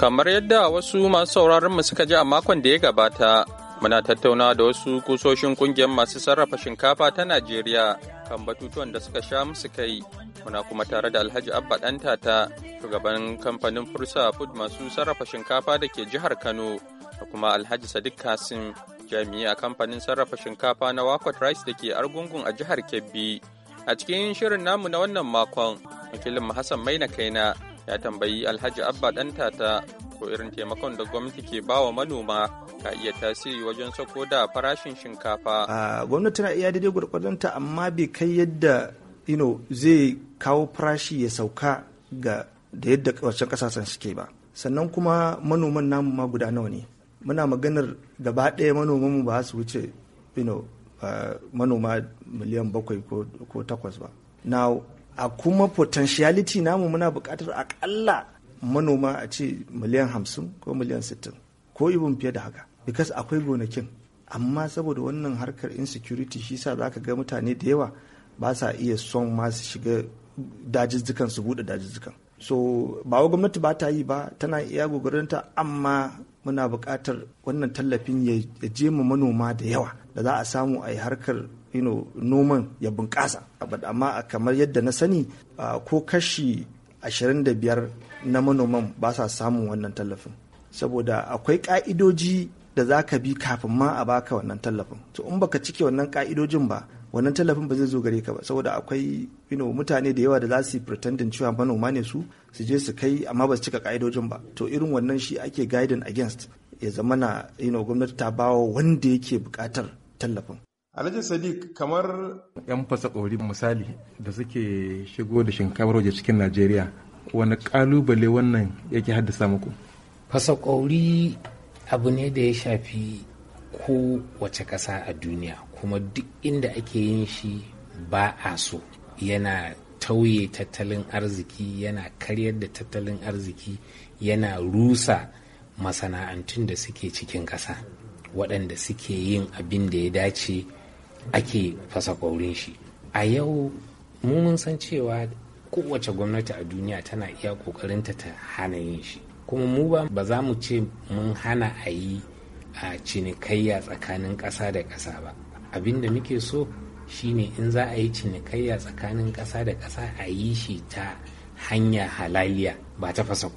Kamar yadda wasu masu sauraron mu suka ji a makon da ya gabata, muna tattauna da wasu kusoshin kungiyar masu sarrafa shinkafa ta Najeriya kan batutuwan da suka sha musu kai. Muna kuma tare da Alhaji Abba ta shugaban kamfanin Fursa Food masu sarrafa shinkafa da ke jihar Kano, da kuma Alhaji Sadiq Kasim, jami'i a kamfanin sarrafa shinkafa na Wakot Rice da ke Argungun a jihar Kebbi. A cikin shirin namu na wannan makon, wakilin Hassan Maina Kaina ya tambayi alhaji abba danta ta ko irin taimakon da gwamnati ke ba wa manoma ka iya tasiri wajen sako da farashin shinkafa. gwamnati na iya daidai gwargwadonta amma bai kai yadda zai kawo farashi ya sauka ga da yadda wancan kasashen suke ba sannan kuma manoman namu ma guda nawa ne muna maganar gaba ɗaya manoman mu ba su wuce manoma miliyan bakwai ko takwas ba now a kuma potentiality namu muna buƙatar akalla manoma a ce miliyan hamsin ko miliyan sittin ko ibin fiye da haka because akwai gonakin amma saboda wannan harkar insecurity shi sa za ka ga mutane da yawa ba sa iya son masu shiga dajizzukan su buɗe dajizzukan so ba wa gwamnati ba ta yi ba tana iya gogoranta amma muna buƙatar wannan tallafin ya je ma manoma da yawa da za a samu a yi harkar noman ya bunƙasa amma kamar yadda na sani ko kashi 25 na manoman ba sa samun wannan tallafin saboda akwai ka'idoji da za ka bi kafin ma a baka wannan tallafin to in baka cike wannan ka'idojin ba wannan tallafin ba zai zo gare ka ba saboda akwai you mutane da yawa da za su yi pretending cewa manoma ne su su je su kai amma ba su cika ka'idojin ba to irin wannan shi ake guiding against ya zama na you gwamnati ta bawa wanda yake bukatar tallafin Alhaji Sadiq kamar yan fasa ƙori misali da suke shigo da shinkafar waje cikin Najeriya wani ƙalubale wannan yake haddasa muku? Fasa ƙori abu ne da ya shafi ko wace ƙasa a duniya kuma duk inda ake yin shi ba a so yana tauye tattalin arziki yana karyar da tattalin arziki yana rusa masana'antun da suke cikin ƙasa waɗanda suke yin abin da ya dace ake fasa kwaurin shi a yau mu mun san cewa kowace gwamnati a duniya tana iya ƙoƙarinta ta hana yin shi kuma mu ba za mu ce mun hana a yi a cinikayya tsakanin ƙasa da ƙasa ba abin da muke so shine in za a yi cinikayya tsakanin ƙasa da ƙasa a yi shi ta hanya halaliya ba ta fasa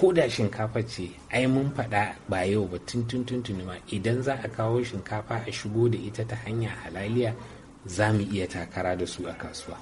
Koda shinkafa ce ai mun faɗa ba yau ba tuntun tuntun ma idan za a kawo shinkafa a shigo da ita ta hanya halaliya za mu iya takara da su a kasuwa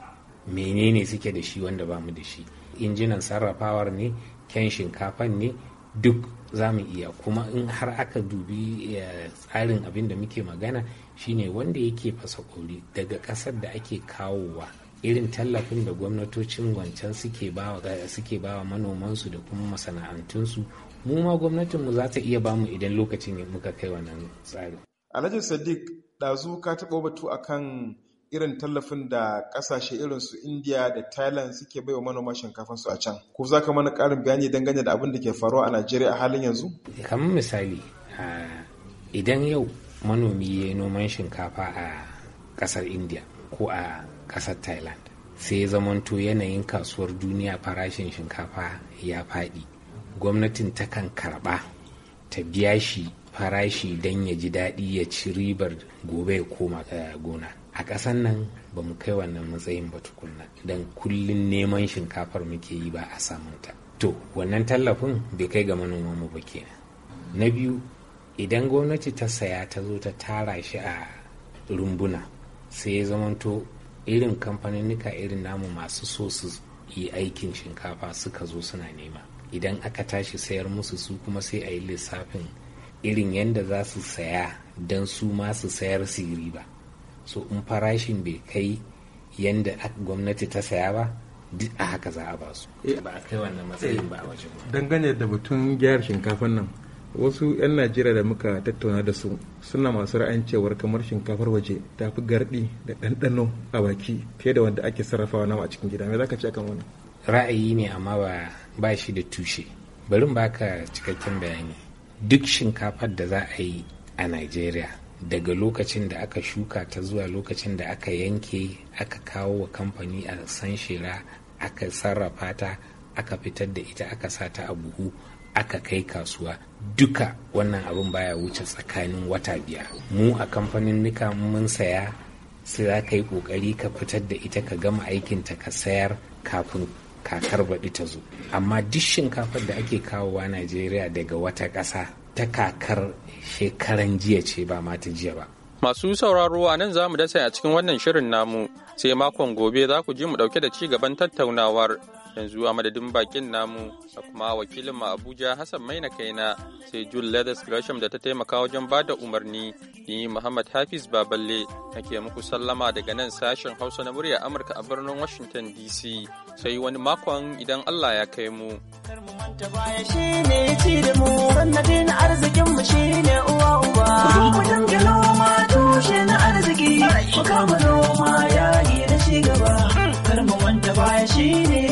menene suke da shi wanda ba mu da shi injinan sarrafawar ne kyan shinkafan ne duk za mu iya kuma in har aka dubi eh, tsarin abin da muke magana shine wanda yake fasa kori daga ƙasar da ake kawowa irin tallafin da gwamnatocin wancan suke bawa suke bawa manomansu da kuma masana'antunsu mu ma gwamnatinmu za ta iya bamu idan lokacin muka kai wannan tsari Alhaji Sadiq ɗazu ka taɓa batu akan irin tallafin da ƙasashe irin su India da Thailand suke bai wa manoma shinkafan su a can. Ko za ka mana ƙarin bayani dangane da abin da ke faruwa a Najeriya a halin yanzu? Kamar misali, idan yau manomi ya yi noman shinkafa a ƙasar India ko a ƙasar thailand sai ya zamanto yanayin kasuwar duniya farashin shinkafa ya faɗi gwamnatin takan karɓa ta biya shi farashi don ya ji daɗi ya ci ribar gobe ya koma eh, gona a ƙasar nan ba mu kai wannan matsayin ba tukunna don kullum neman shinkafar muke yi ba a samunta to wannan tallafin bai kai ga manoman mu ba kenan na biyu idan gwamnati ta saya ta zo ta tara shi a rumbuna sai ya zamanto irin kamfaninnika irin namu masu so su yi aikin shinkafa suka zo suna nema idan aka tashi sayar musu su kuma sai a yi lissafin irin yadda za su saya don su masu sayar su yi riba so in farashin bai kai yadda gwamnati ta saya ba duk a haka za a ba su eh, ba a kai wannan matsayin ba a wajen dangane da batun gyara shinkafan nan wasu 'yan najeriya da muka tattauna da su suna masu ra'ayin cewar kamar shinkafar waje ta fi gardi da ɗanɗano a baki fiye da wanda ake sarrafawa nama a cikin gida me zaka ce akan wani ra'ayi ne amma ba ba shi da tushe bari ba baka cikakken bayani duk shinkafar da za a yi a najeriya daga lokacin da aka shuka ta zuwa lokacin da aka yanke aka kawo wa kamfani a san shera aka sarrafa ta aka fitar da ita aka sa ta a buhu aka kai kasuwa duka wannan abin baya wuce tsakanin wata biyar mu a kamfanin nika mun saya sai za ka yi kokari ka fitar da ita ka gama aikinta ka sayar kafin kakar baɗi ta zo amma duk shinkafar da ake kawowa najeriya daga wata ƙasa ta kakar shekaran jiya ce ba ma ta jiya ba masu sauraro a nan za mu dasa a cikin wannan shirin namu sai makon gobe za ku ji mu ɗauke da ci gaban tattaunawar yanzu a madadin bakin namu da kuma wakilin ma abuja hassan maina kaina sai jul leathers gresham da ta taimaka wajen ba da umarni ni muhammad hafiz baballe nake muku sallama daga nan sashen hausa na murya amurka a birnin washington dc sai wani makon idan allah ya kai mu Shine.